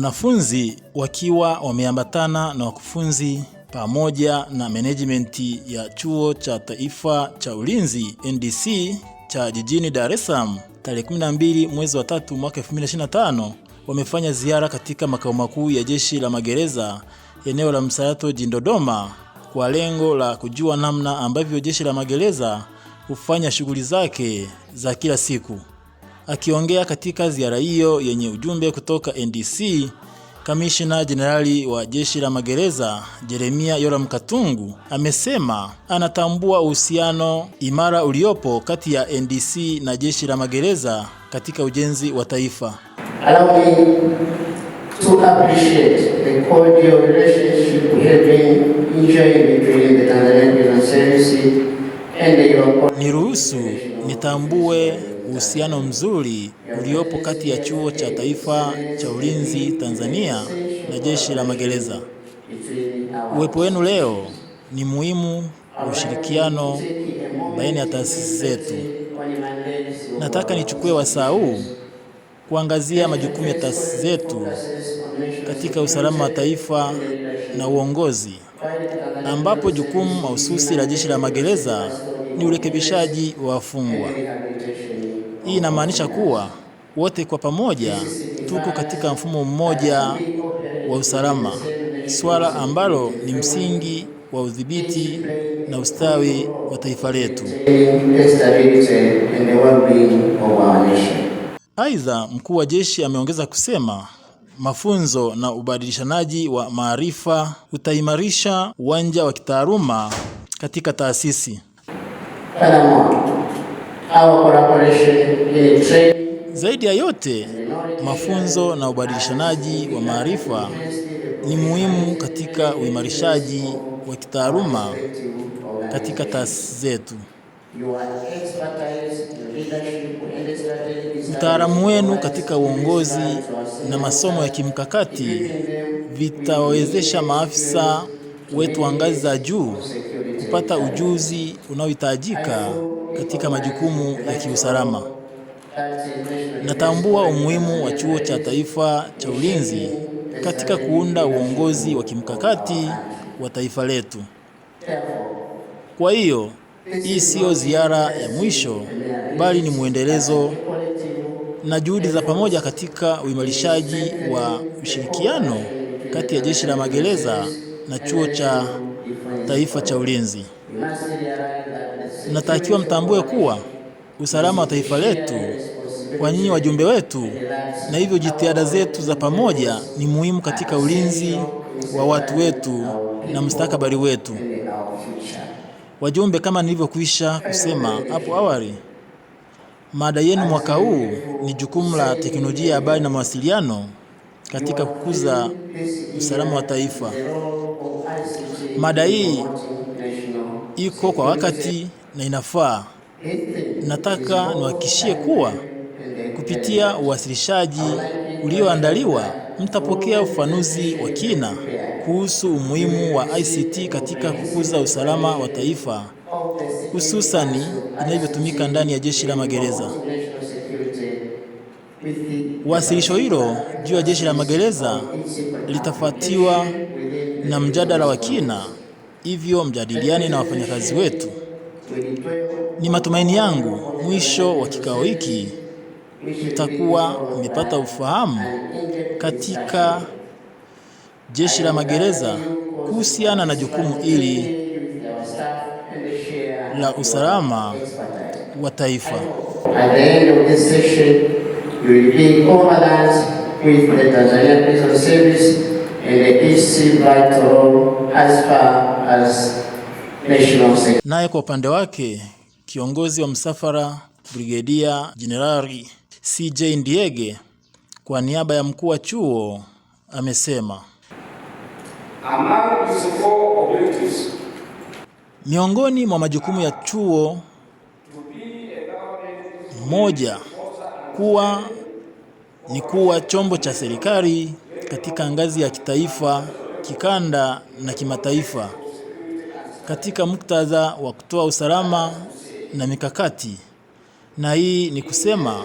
Wanafunzi wakiwa wameambatana na wakufunzi pamoja na management ya Chuo cha Taifa cha Ulinzi NDC cha jijini Dar es Salaam tarehe 12 mwezi wa tatu mwaka 2025 wamefanya ziara katika makao makuu ya Jeshi la Magereza eneo la Msalato jijini Dodoma kwa lengo la kujua namna ambavyo Jeshi la Magereza hufanya shughuli zake za kila siku. Akiongea katika ziara hiyo yenye ujumbe kutoka NDC, Kamishna Jenerali wa Jeshi la Magereza Jeremia Yoram Katungu amesema anatambua uhusiano imara uliopo kati ya NDC na Jeshi la Magereza katika ujenzi wa taifa. Allow Niruhusu nitambue uhusiano mzuri uliopo kati ya Chuo cha Taifa cha Ulinzi Tanzania na Jeshi la Magereza. Uwepo wenu leo ni muhimu kwa ushirikiano baina ya taasisi zetu. Nataka nichukue wasaa huu kuangazia majukumu ya taasisi zetu katika usalama wa taifa na uongozi, ambapo jukumu mahususi la Jeshi la Magereza ni urekebishaji wa wafungwa. Hii inamaanisha kuwa wote kwa pamoja tuko katika mfumo mmoja wa usalama, swala ambalo ni msingi wa udhibiti na ustawi wa taifa letu. Aidha, mkuu wa jeshi ameongeza kusema mafunzo na ubadilishanaji wa maarifa utaimarisha uwanja wa kitaaluma katika taasisi collaboration training zaidi ya yote, mafunzo na ubadilishanaji wa maarifa ni muhimu katika uimarishaji wa kitaaluma katika taasisi zetu. Utaalamu wenu katika uongozi na masomo ya kimkakati vitawezesha maafisa wetu wa ngazi za juu kupata ujuzi unaohitajika katika majukumu ya kiusalama. Natambua umuhimu wa Chuo cha Taifa cha Ulinzi katika kuunda uongozi wa kimkakati wa taifa letu. Kwa hiyo, hii siyo ziara ya mwisho bali ni mwendelezo na juhudi za pamoja katika uimarishaji wa ushirikiano kati ya Jeshi la Magereza na Chuo cha taifa cha ulinzi. Natakiwa mtambue kuwa usalama wa taifa letu kwa nyinyi wajumbe wetu, na hivyo jitihada zetu za pamoja ni muhimu katika ulinzi wa watu wetu na mustakabali wetu. Wajumbe, kama nilivyokwisha kusema hapo awali, mada yenu mwaka huu ni jukumu la teknolojia ya habari na mawasiliano katika kukuza usalama wa taifa. Mada hii iko kwa wakati na inafaa. Nataka niwahakikishie kuwa kupitia uwasilishaji ulioandaliwa mtapokea ufafanuzi wa kina kuhusu umuhimu wa ICT katika kukuza usalama wa taifa, hususani inavyotumika ndani ya Jeshi la Magereza. Wasilisho hilo juu ya Jeshi la Magereza litafuatiwa na mjadala wa kina, hivyo mjadiliani na wafanyakazi wetu. Ni matumaini yangu mwisho wa kikao hiki mtakuwa mmepata ufahamu katika jeshi la magereza kuhusiana na jukumu hili la usalama wa taifa. Naye kwa upande wake kiongozi wa msafara Brigedia Jenerali CJ Ndiege kwa niaba ya mkuu wa chuo amesema miongoni mwa majukumu ya chuo: moja, kuwa ni kuwa chombo cha serikali katika ngazi ya kitaifa, kikanda na kimataifa katika muktadha wa kutoa usalama na mikakati. Na hii ni kusema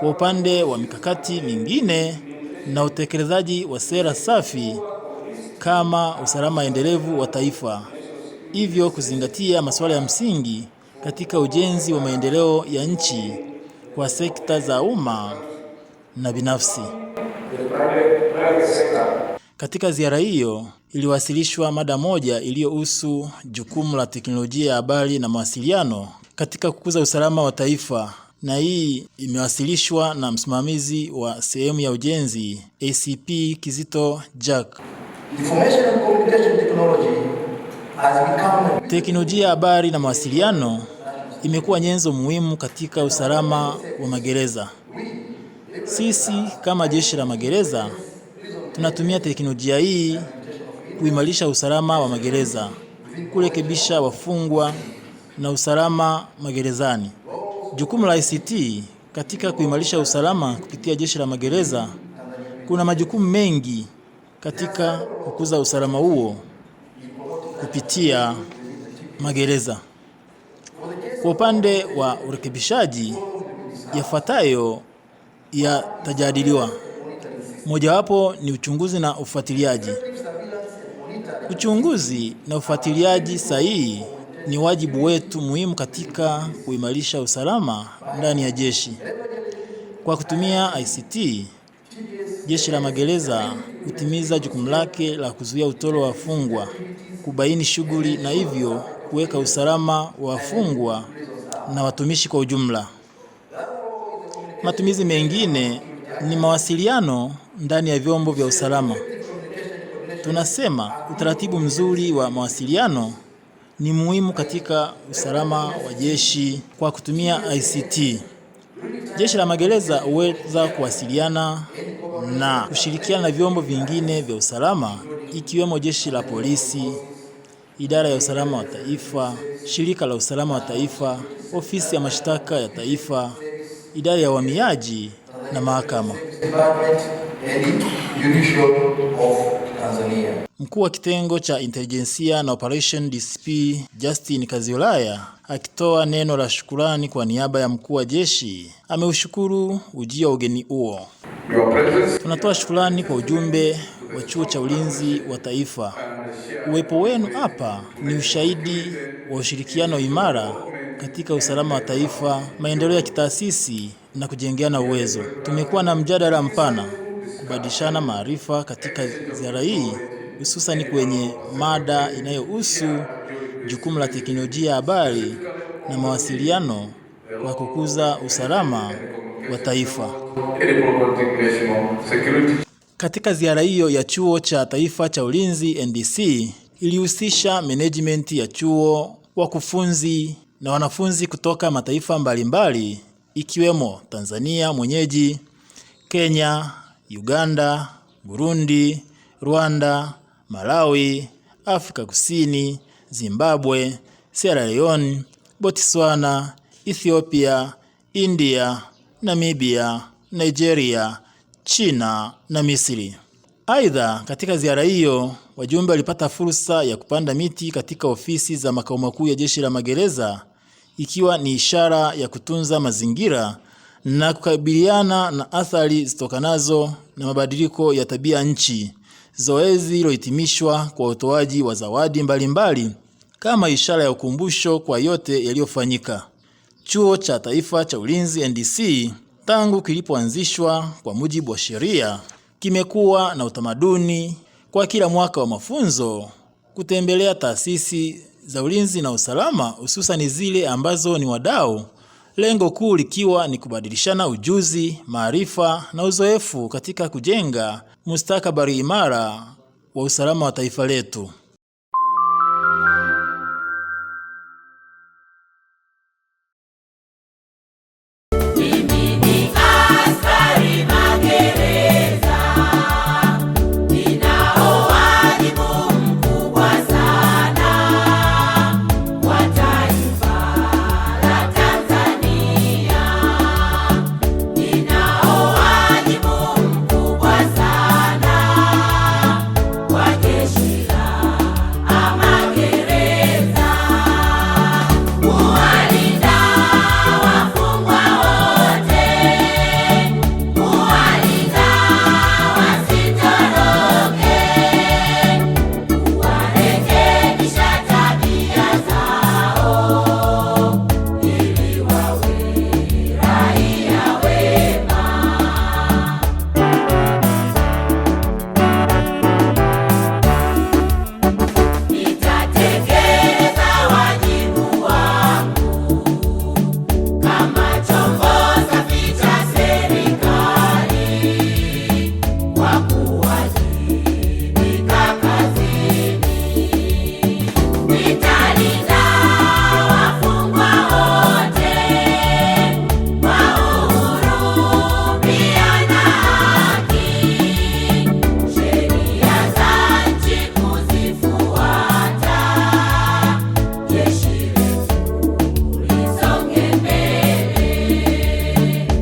kwa upande wa mikakati mingine na utekelezaji wa sera safi kama usalama endelevu wa taifa, hivyo kuzingatia masuala ya msingi katika ujenzi wa maendeleo ya nchi kwa sekta za umma na binafsi. Katika ziara hiyo iliwasilishwa mada moja iliyohusu jukumu la teknolojia ya habari na mawasiliano katika kukuza usalama wa taifa na hii imewasilishwa na msimamizi wa sehemu ya ujenzi ACP Kizito Jack. Teknolojia ya habari na mawasiliano imekuwa nyenzo muhimu katika usalama wa magereza. Sisi kama Jeshi la Magereza tunatumia teknolojia hii kuimarisha usalama wa magereza, kurekebisha wafungwa na usalama magerezani. Jukumu la ICT katika kuimarisha usalama kupitia Jeshi la Magereza, kuna majukumu mengi katika kukuza usalama huo kupitia magereza. Kwa upande wa urekebishaji, yafuatayo yatajadiliwa. Mojawapo ni uchunguzi na ufuatiliaji. Uchunguzi na ufuatiliaji sahihi ni wajibu wetu muhimu katika kuimarisha usalama ndani ya jeshi. Kwa kutumia ICT, Jeshi la Magereza hutimiza jukumu lake la kuzuia utoro wa wafungwa, kubaini shughuli na hivyo kuweka usalama wa wafungwa na watumishi kwa ujumla. Matumizi mengine ni mawasiliano ndani ya vyombo vya usalama. Tunasema utaratibu mzuri wa mawasiliano ni muhimu katika usalama wa jeshi kwa kutumia ICT. Jeshi la magereza huweza kuwasiliana na kushirikiana na vyombo vingine vya usalama ikiwemo jeshi la polisi, idara ya usalama wa taifa, shirika la usalama wa taifa, ofisi ya mashtaka ya taifa, idara ya uhamiaji na mahakama. Mkuu wa kitengo cha intelijensia na operation DCP Justin Kaziolaya akitoa neno la shukurani kwa niaba ya mkuu wa jeshi ameushukuru ujio ugeni huo. Tunatoa shukurani kwa ujumbe wa chuo cha ulinzi wa taifa. Uwepo wenu hapa ni ushahidi wa ushirikiano imara katika usalama wa taifa, maendeleo ya kitaasisi na kujengeana uwezo. Tumekuwa na mjadala mpana kubadilishana maarifa katika ziara hii, hususani kwenye mada inayohusu jukumu la teknolojia ya habari na mawasiliano kwa kukuza usalama wa taifa. Katika ziara hiyo ya Chuo cha Taifa cha Ulinzi NDC ilihusisha management ya chuo, wakufunzi na wanafunzi kutoka mataifa mbalimbali ikiwemo Tanzania mwenyeji, Kenya, Uganda, Burundi, Rwanda, Malawi, Afrika Kusini, Zimbabwe, Sierra Leone, Botswana, Ethiopia, India, Namibia, Nigeria, China na Misri. Aidha, katika ziara hiyo wajumbe walipata fursa ya kupanda miti katika ofisi za makao makuu ya Jeshi la Magereza ikiwa ni ishara ya kutunza mazingira na kukabiliana na athari zitokanazo na mabadiliko ya tabia nchi. Zoezi lilohitimishwa kwa utoaji wa zawadi mbalimbali mbali, kama ishara ya ukumbusho kwa yote yaliyofanyika. Chuo cha Taifa cha Ulinzi NDC tangu kilipoanzishwa kwa mujibu wa sheria kimekuwa na utamaduni kwa kila mwaka wa mafunzo kutembelea taasisi za ulinzi na usalama hususan zile ambazo ni wadau, lengo kuu likiwa ni kubadilishana ujuzi, maarifa na uzoefu katika kujenga mustakabali imara wa usalama wa taifa letu.